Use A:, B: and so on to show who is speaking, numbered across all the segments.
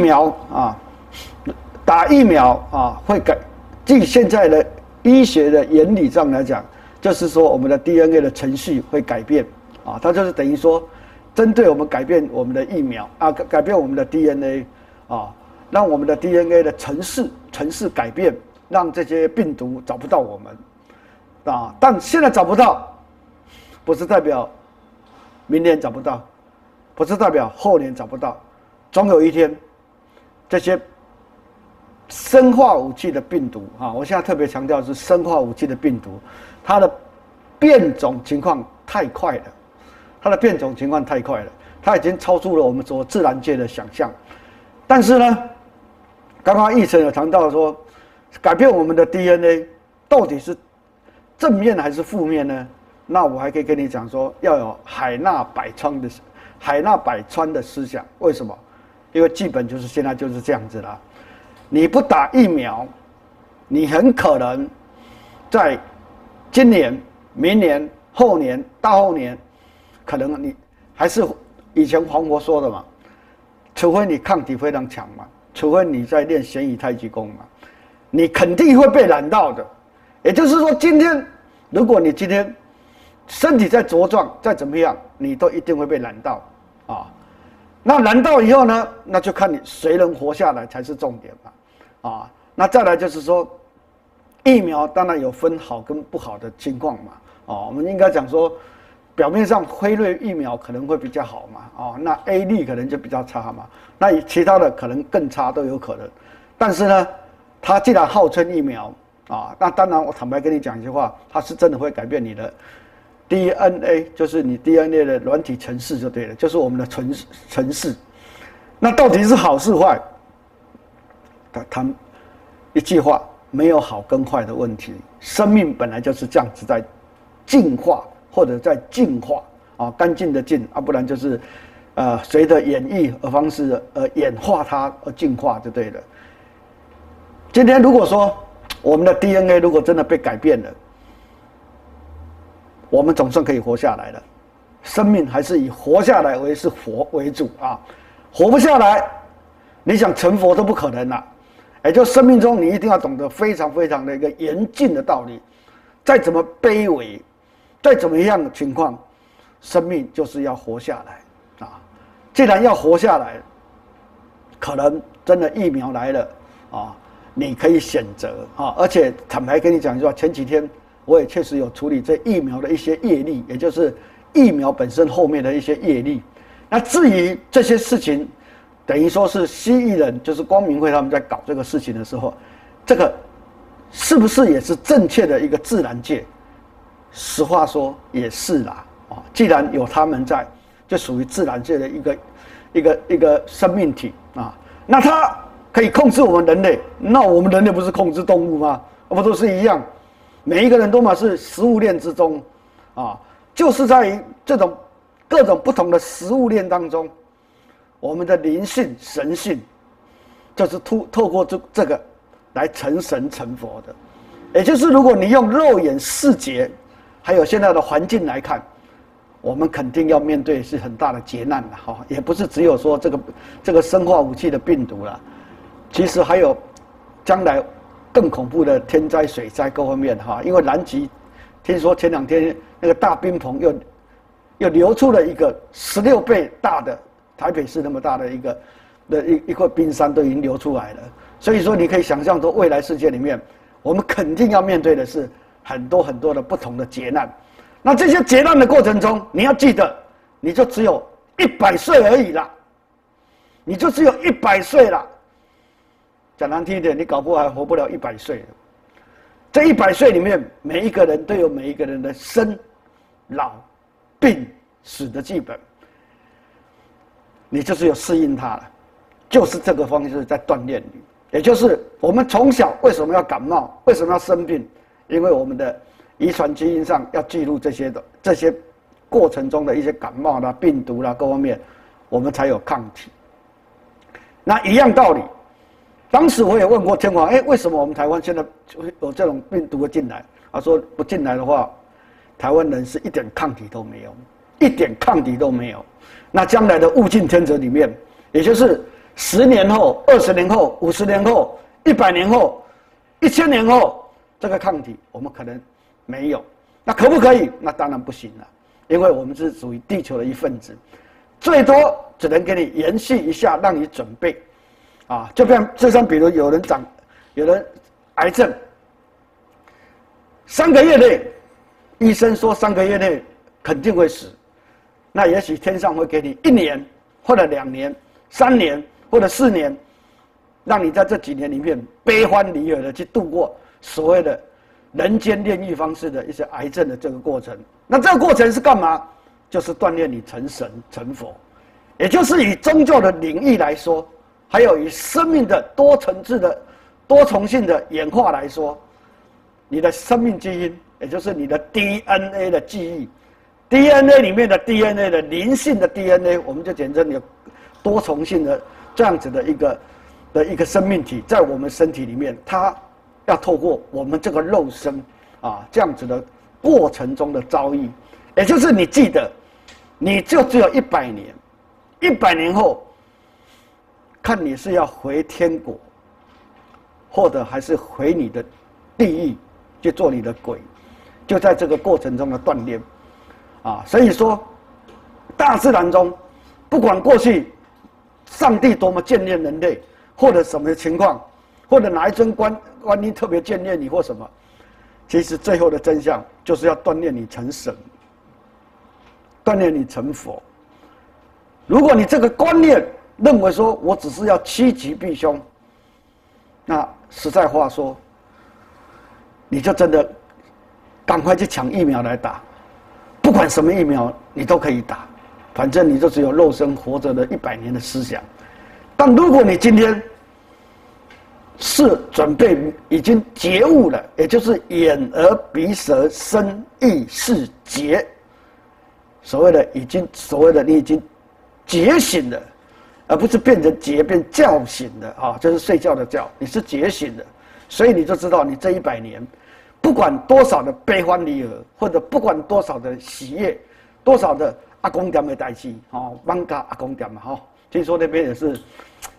A: 疫苗啊，打疫苗啊，會改。據現在的醫學的原理上來講，就是說我們的 DNA 的程序會改變啊，它就是等於說，針對我們改變我們的疫苗啊，改變我們的 DNA 啊，讓我們的 DNA 的程式程式改變，讓這些病毒找不到我們啊。但現在找不到，不是代表明年找不到，不是代表後年找不到，總有一天。這些生化武器的病毒啊，我現在特別強調是生化武器的病毒，它的變種情況太快了，它的變種情況太快了，它已經超出了我們所自然界的想象。但是呢，剛剛議程有談到說，改變我們的 DNA 到底是正面還是負面呢？那我還可以跟你講說，要有海納百川的海納百川的思想，為什麼？因為基本就是現在就是這樣子了，你不打疫苗，你很可能在今年、明年、後年、大後年，可能你還是以前黃國說的嘛，除非你抗體非常強嘛，除非你在練鹹魚太極功嘛，你肯定會被染到的。也就是說，今天如果你今天身體再茁壯，再怎麼樣，你都一定會被染到啊。哦那難道以後呢？那就看你誰能活下來才是重點嘛，啊、哦,那再來就是說，疫苗當然有分好跟不好的情況嘛，啊、哦，我們應該講說，表面上輝瑞疫苗可能會比較好嘛，啊、哦，那 A 力可能就比較差嘛，那其他的可能更差都有可能，但是呢，它既然號稱疫苗，啊、哦，那當然我坦白跟你講一句話，它是真的會改變你的。DNA 就是你 DNA 的軟體程式就對了，就是我們的程式程式。那到底是好是壞？他他一句話，沒有好跟壞的問題，生命本來就是這樣子在進化或者在淨化啊，乾淨的淨啊，不然就是呃隨着演繹的方式而演化它而進化就對了。今天如果說我們的 DNA 如果真的被改變了，我們總算可以活下來了，生命還是以活下來為是活為主啊，活不下來，你想成佛都不可能了、啊。也、欸、就生命中，你一定要懂得非常非常的一個嚴峻的道理：再怎麼卑微，再怎麼樣的情況，生命就是要活下來啊！既然要活下來，可能真的疫苗來了啊，你可以選擇啊！而且坦白跟你講說，前幾天。我也確實有處理這疫苗的一些業力，也就是疫苗本身後面的一些業力。那至於這些事情，等於說是蜥蜴人，就是光明會他們在搞這個事情的時候，這個是不是也是正確的一個自然界？實話說也是啦，啊，既然有他們在，就屬於自然界的一個一個一個生命體啊。那它可以控制我們人類，那我們人類不是控制動物嗎？我們都是一樣。每一個人都嘛是食物鏈之中，啊，就是在這種各種不同的食物鏈當中，我們的靈性神性，就是突透過這這個來成神成佛的。也就是如果你用肉眼視覺，還有現在的環境來看，我們肯定要面對是很大的劫難的哈。也不是只有說這個這個生化武器的病毒了，其實還有將來。更恐怖的天災、水災各方面哈，因為南極聽說前兩天那個大冰棚又又流出了一個十六倍大的台北市那麼大的一個的一一塊冰山都已經流出來了，所以說你可以想象說未來世界裡面，我們肯定要面對的是很多很多的不同的劫難。那這些劫難的過程中，你要記得，你就只有一百歲而已啦，你就只有一百歲啦。講難聽一點，你搞不好還活不了一百歲。這一百歲裡面，每一個人都有每一個人的生、老、病、死的劇本。你就是要適應它了，就是這個方式在鍛煉你。也就是我們從小為什麼要感冒，為什麼要生病？因為我們的遺傳基因上要記錄這些的這些過程中的一些感冒啦、病毒啦各方面，我們才有抗體。那一樣道理。當時我也問過天皇，哎、欸，為什麼我們台灣現在就有這種病毒進來？他、啊、說，不進來的話，台灣人是一點抗體都沒有，一點抗體都沒有。那將來的物競天擇裡面，也就是十年後、二十年後、五十年後、一百年後、一千年後，這個抗體我們可能沒有。那可不可以？那當然不行了，因為我們是屬於地球的一分子，最多只能給你延續一下，讓你準備。啊，就像就像，比如有人長，有人癌症，三個月內，醫生說三個月內肯定會死，那也許天上會給你一年或者兩年、三年或者四年，讓你在這幾年裡面悲歡離合的去度過所謂的人間煉獄方式的一些癌症的這個過程。那這個過程是幹嘛？就是鍛鍊你成神成佛，也就是以宗教的領域來說。還有以生命的多層次的多重性的演化來說，你的生命基因，也就是你的 DNA 的記憶，DNA 裡面的 DNA 的靈性的 DNA，我們就簡稱你有多重性的這樣子的一個的一個生命體，在我們身體裡面，它要透過我們這個肉身啊這樣子的過程中的遭遇，也就是你記得，你就只有一百年，一百年後。看你是要回天國，或者還是回你的地獄，去做你的鬼，就在這個過程中的鍛鍊，啊，所以說，大自然中，不管過去上帝多麼眷戀人類，或者什麼情況，或者哪一尊觀觀音特別眷戀你或什麼，其實最後的真相就是要鍛鍊你成神，鍛鍊你成佛。如果你這個觀念，認為說，我只是要趨吉避凶。那實在話說，你就真的趕快去搶疫苗來打，不管什麼疫苗你都可以打，反正你就只有肉身活着的一百年的思想。但如果你今天是準備已經覺悟了，也就是眼耳鼻舌身意是覺，所謂的已經，所謂的你已經覺醒了。而不是變成結變覺醒的啊、哦，就是睡覺的覺，你是覺醒的，所以你就知道你這一百年，不管多少的悲歡離合，或者不管多少的喜悅，多少的阿公店沒代誌哦，萬華阿公店嘛哈、哦，聽說那邊也是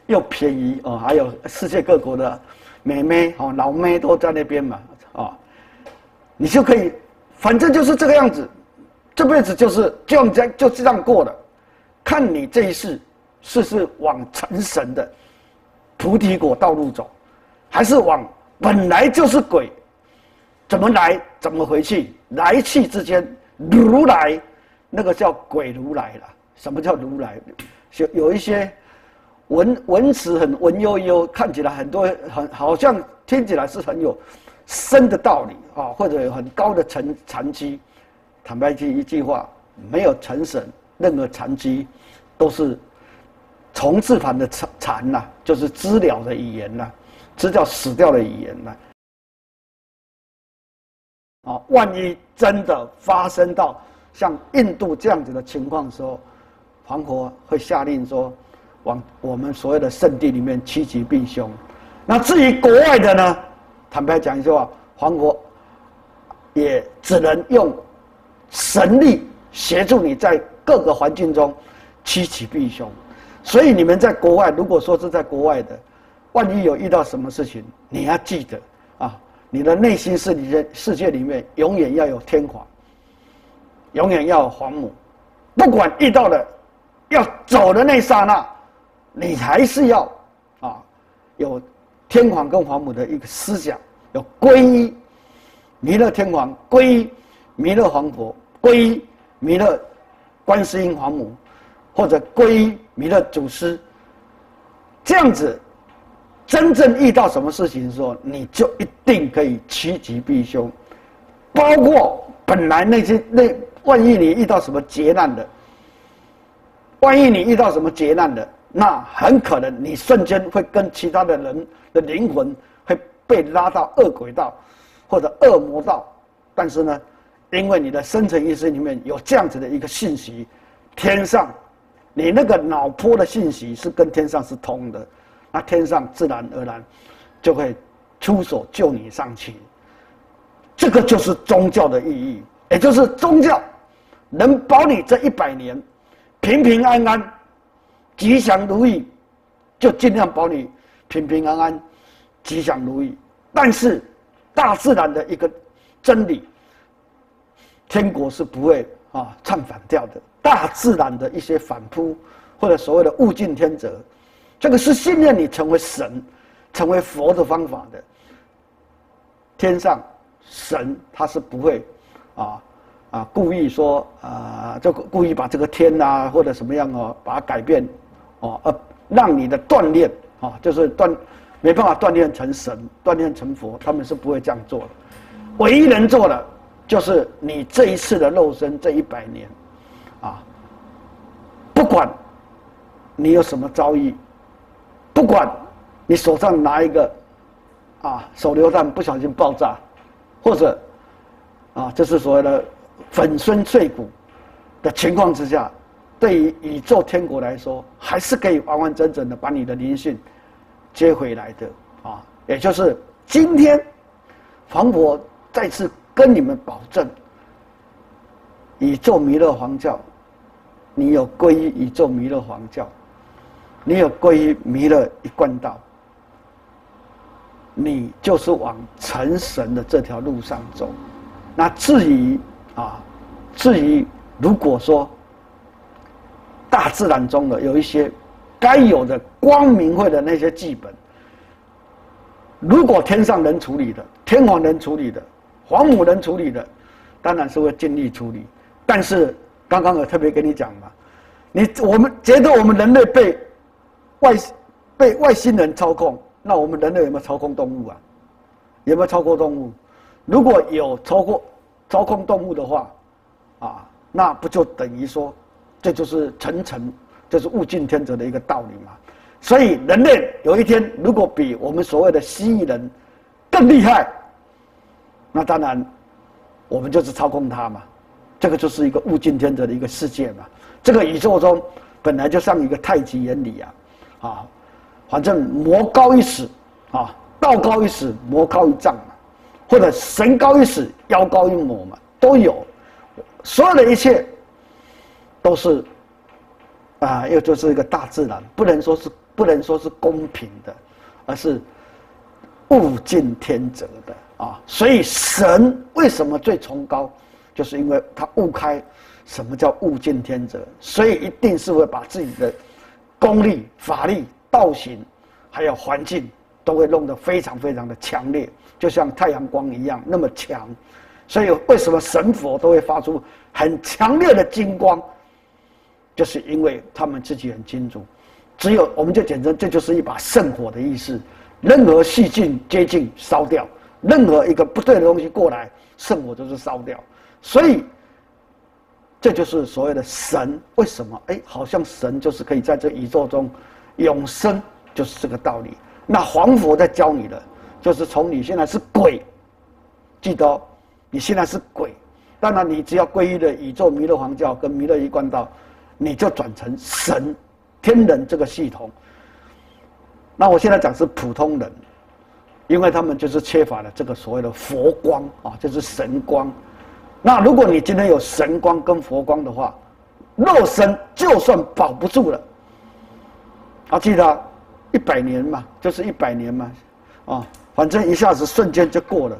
A: 又便宜哦，還有世界各國的美眉哦，老妹都在那邊嘛啊、哦，你就可以，反正就是這個樣子，這輩子就是就這樣就這樣過了，看你這一世。是是往成神的菩提果道路走，還是往本來就是鬼？怎麼來，怎麼回去？來去之間，如來，那個叫鬼如來了。什麼叫如來？有有一些文文詞很文悠悠，看起來很多很好像聽起來是很有深的道理啊，或者有很高的成禪機。坦白講，一句話，沒有成神，任何禪機都是。蟲字旁的“蟬”吶，就是知了的語言吶、啊，知叫死掉的語言吶。啊，萬一真的發生到像印度這樣子的情況的時候，皇國會下令說，往我們所有的聖地裡面趨吉避凶。那至於國外的呢？坦白講一句話，皇國也只能用神力協助你在各個環境中趨吉避凶。所以你們在國外，如果說是在國外的，萬一有遇到什麼事情，你要記得啊，你的內心是你的世界裡面永遠要有天皇，永遠要有皇母，不管遇到了，要走的那剎那，你還是要啊，有天皇跟皇母的一個思想，要皈依彌勒天皇，皈依彌勒皇佛，皈依彌勒觀世音皇母。或者皈依彌勒祖師，這樣子，真正遇到什麼事情的時候，你就一定可以趨吉避凶。包括本來那些那，萬一你遇到什麼劫難的，萬一你遇到什麼劫難的，那很可能你瞬間會跟其他的人的靈魂會被拉到惡鬼道或者惡魔道。但是呢，因為你的深層意識裡面有這樣子的一個信息，天上。你那個腦波的信息是跟天上是通的，那天上自然而然就會出手救你上去。這個就是宗教的意義，也就是宗教能保你這一百年平平安安、吉祥如意，就盡量保你平平安安、吉祥如意。但是大自然的一個真理，天國是不會。啊、哦，唱反調的，大自然的一些反撲，或者所謂的物競天擇，這個是信任你成為神、成為佛的方法的。天上神他是不會，啊、哦、啊、呃，故意說啊，這、呃、個故意把這個天啊或者什麼樣哦，把它改變，哦呃，讓你的鍛煉啊，就是鍛沒辦法鍛煉成神、鍛煉成佛，他們是不會這樣做的，唯一能做的。就是你這一次的肉身這一百年，啊，不管你有什麼遭遇，不管你手上拿一個啊手榴彈不小心爆炸，或者啊就是所謂的粉身碎骨的情況之下，對於宇宙天國來說，還是可以完完整整的把你的靈性接回來的啊，也就是今天皇佛再次。跟你們保證，宇宙彌勒皇教，你有皈依宇宙彌勒皇教，你有皈依彌勒一貫道，你就是往成神的這條路上走。那至於啊，至於如果說大自然中的有一些該有的光明會的那些劇本，如果天上能處理的，天皇能處理的。皇母能處理的，當然是會盡力處理。但是剛剛我特別跟你講嘛，你我們覺得我們人類被外被外星人操控，那我們人類有沒有操控動物啊？有沒有操控動物？如果有操控操控動物的話，啊，那不就等於說，這就是層層，這，就是物競天擇的一個道理嘛。所以人類有一天如果比我們所謂的蜥蜴人更厲害，那當然，我們就是操控它嘛，這個就是一個物競天擇的一個世界嘛。這個宇宙中本來就像一個太極原理啊，啊，反正魔高一尺，啊，道高一尺，魔高一丈嘛，或者神高一尺，妖高一魔嘛，都有。所有的一切都是啊，又就是一個大自然，不能說是不能說是公平的，而是物競天擇的。啊，所以神為什麼最崇高，就是因為他悟開什麼叫物競天擇，所以一定是會把自己的功力、法力、道行，還有環境都會弄得非常非常的強烈，就像太陽光一樣那麼強。所以為什麼神佛都會發出很強烈的金光，就是因為他們自己很清楚，只有我們就簡稱這就是一把聖火的意思，任何細菌接近燒掉。任何一個不對的東西過來，聖火就是燒掉。所以，這就是所謂的神。為什麼？哎、欸，好像神就是可以在這宇宙中永生，就是這個道理。那皇佛在教你的，就是從你現在是鬼，記得、哦，你現在是鬼。當然，你只要皈依了宇宙彌勒皇教跟彌勒一貫道，你就轉成神，天人這個系統。那我現在講是普通人。因為他們就是缺乏了這個所謂的佛光啊、哦，就是神光。那如果你今天有神光跟佛光的話，肉身就算保不住了。啊，記得一、啊、百年嘛，就是一百年嘛，啊、哦，反正一下子瞬間就過了。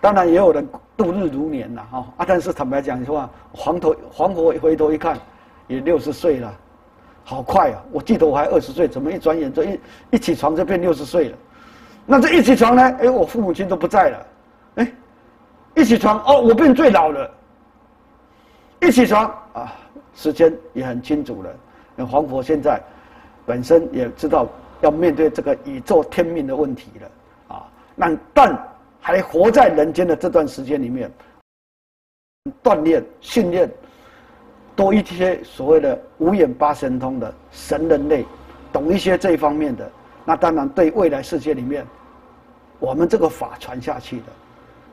A: 當然也有人度日如年了哈、哦、啊，但是坦白講你說，黃頭黃一回頭一看，也六十歲了，好快啊！我記得我還二十歲，怎麼一轉眼就一一起床就變六十歲了？那這一起床呢，哎，我父母親都不在了，哎，一起床哦，我變最老了。一起床啊，時間也很清楚了。那、嗯、皇佛現在本身也知道要面對這個宇宙天命的問題了啊。那但還活在人間的這段時間裡面，鍛鍊訓練，多一些所謂的五眼八神通的神人類，懂一些這一方面的。那當然，對未來世界裡面，我們這個法傳下去的，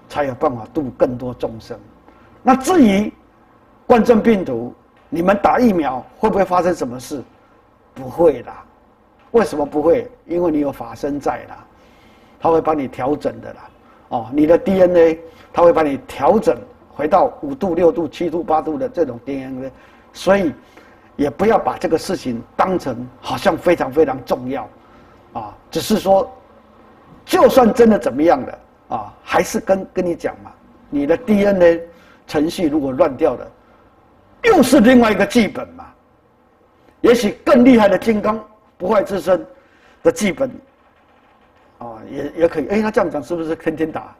A: 才有辦法度更多眾生。那至於冠狀病毒，你們打疫苗會不會發生什麼事？不會啦。為什麼不會？因為你有法身在啦，他會幫你調整的啦。哦，你的 DNA，他會幫你調整回到五度、六度、七度、八度的這種 DNA，所以也不要把這個事情當成好像非常非常重要。啊，只是說，就算真的怎麼樣的啊，還是跟跟你講嘛，你的 DNA 程序，如果亂掉了，又是另外一個劇本嘛，也許更厲害的金剛不壞之身的劇本啊，也也可以。哎、欸，他這樣講是不是天天打？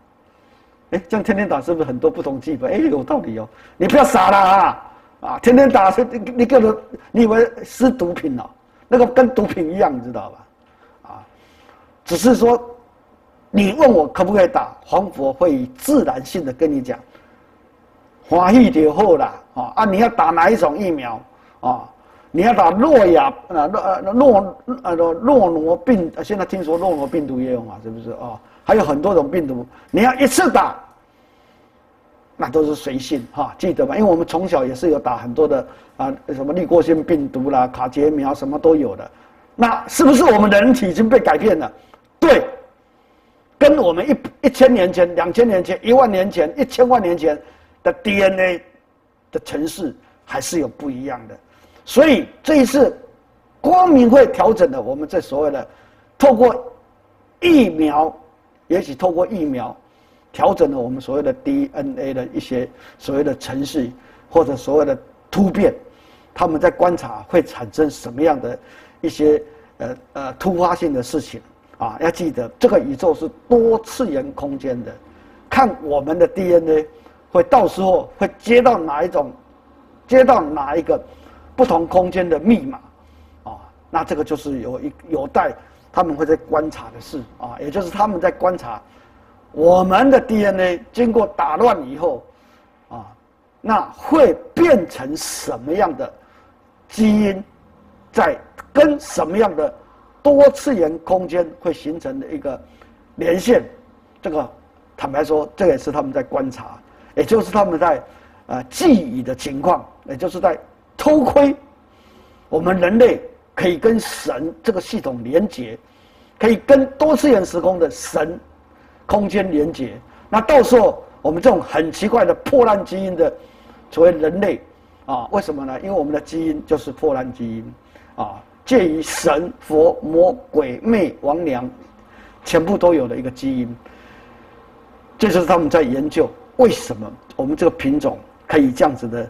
A: 哎、欸，這樣天天打是不是很多不同劇本？哎、欸，有道理哦，你不要傻了啊啊，天天打是你個人，你以為是毒品哦，那個跟毒品一樣，你知道吧？只是說，你問我可不可以打，皇佛會自然性的跟你講，華裔點後啊你要打哪一種疫苗啊？你要打諾亞啊諾諾諾諾諾病、啊、現在聽說諾諾病毒也有嘛，是不是啊？還有很多種病毒，你要一次打，那都是隨性哈、啊，記得吧，因為我們從小也是有打很多的啊，什麼濾過性病毒啦、卡介苗什麼都有的，那是不是我們人體已經被改變了？對，跟我們一一千年前，兩千年前，一萬年前，一千萬年前的 DNA 的程式還是有不一樣的，所以這一次光明會調整了，我們這所謂的透過疫苗，也許透過疫苗調整了我們所謂的 DNA 的一些所謂的程序或者所謂的突變，他們在觀察會產生什麼樣的一些呃呃突發性的事情。啊，要記得這個宇宙是多次元空間的，看我們的 DNA 會到時候會接到哪一種，接到哪一個不同空間的密碼，啊，那這個就是有一有待他們會在觀察的事啊，也就是他們在觀察我們的 DNA 經過打亂以後，啊，那會變成什麼樣的基因，在跟什麼樣的？多次元空間會形成的一個連線，這個坦白說，這也是他們在觀察，也就是他們在呃記憶的情況，也就是在偷窺我們人類可以跟神這個系統連接，可以跟多次元時空的神空間連接。那到時候，我們這種很奇怪的破爛基因的所謂人類啊，為什麼呢？因為我們的基因就是破爛基因啊。介於神、佛、魔、鬼、魅、王、娘，全部都有的一個基因，這就是他們在研究為什麼我們這個品種可以這樣子的，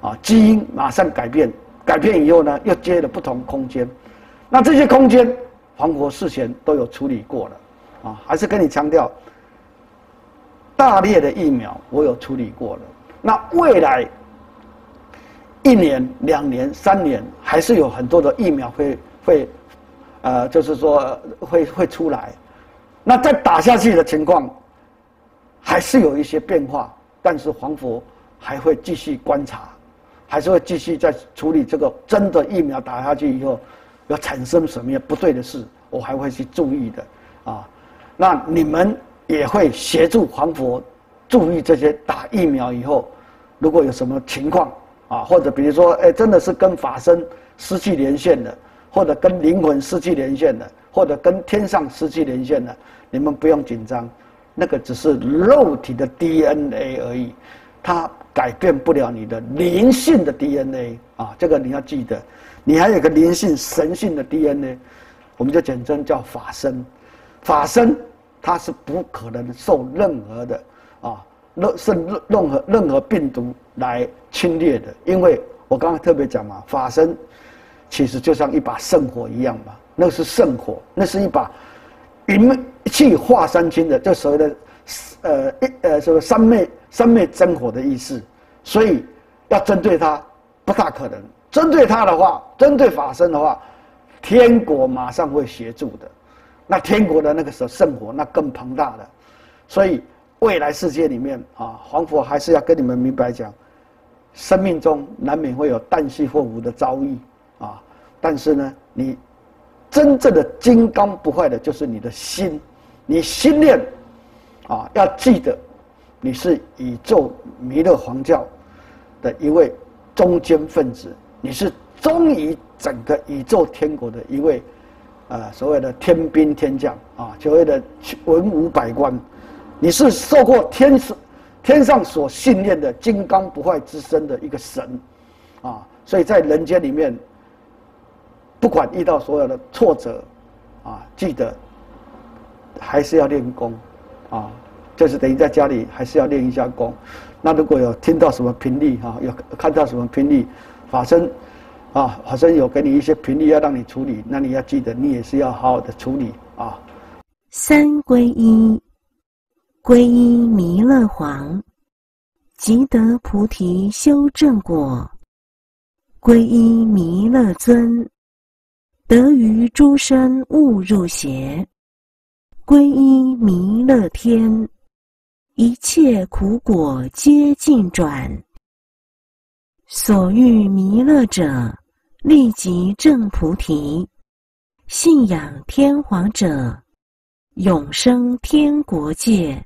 A: 啊，基因馬上改變，改變以後呢，又接了不同空間，那這些空間，皇佛事前都有處理過了，啊，還是跟你強調，大裂的疫苗我有處理過了，那未來。一年、兩年、三年，還是有很多的疫苗會會，呃，就是說會會出來。那在打下去的情況，還是有一些變化。但是，皇佛還會繼續觀察，還是會繼續在處理這個真的疫苗打下去以後，要產生什麼樣不對的事，我還會去注意的。啊，那你們也會協助皇佛注意這些打疫苗以後，如果有什麼情況。啊，或者比如說，哎、欸，真的是跟法身失去連線的，或者跟靈魂失去連線的，或者跟天上失去連線的，你們不用緊張，那個只是肉體的 DNA 而已，它改變不了你的靈性的 DNA 啊，這個你要記得，你還有一個靈性神性的 DNA，我們就簡稱叫法身，法身它是不可能受任何的啊。任何任何病毒來侵略的，因為我剛才特別講嘛，法身其實就像一把聖火一樣嘛，那是聖火，那是一把一氣化三清的，就所謂的呃一呃什麼三昧三昧真火的意思，所以要針對它不大可能，針對它的話，針對法身的話，天國馬上會協助的，那天國的那個時候，聖火那更龐大的，所以。未來世界裡面啊，皇佛還是要跟你們明白講，生命中難免會有旦夕禍福的遭遇啊。但是呢，你真正的金剛不壞的就是你的心，你心念啊，要記得你是宇宙彌勒皇教的一位中堅分子，你是忠於整個宇宙天國的一位呃所謂的天兵天將啊，所謂的文武百官。你是受過天上天上所訓練的金剛不壞之身的一個神，啊，所以在人間裡面，不管遇到所有的挫折，啊，記得還是要練功，啊，就是等於在家裡還是要練一下功。那如果有聽到什麼頻率哈，有看到什麼頻率，法身，啊，法身有給你一些頻率要讓你處理，那你要記得你也是要好好的處理啊。三皈依。皈依彌勒皇，即得菩提修正果；皈依彌勒尊，得於諸身誤入邪；皈依彌勒天，一切苦果皆盡轉。所欲彌勒者，立即證菩提；信仰天皇者，永生天國界。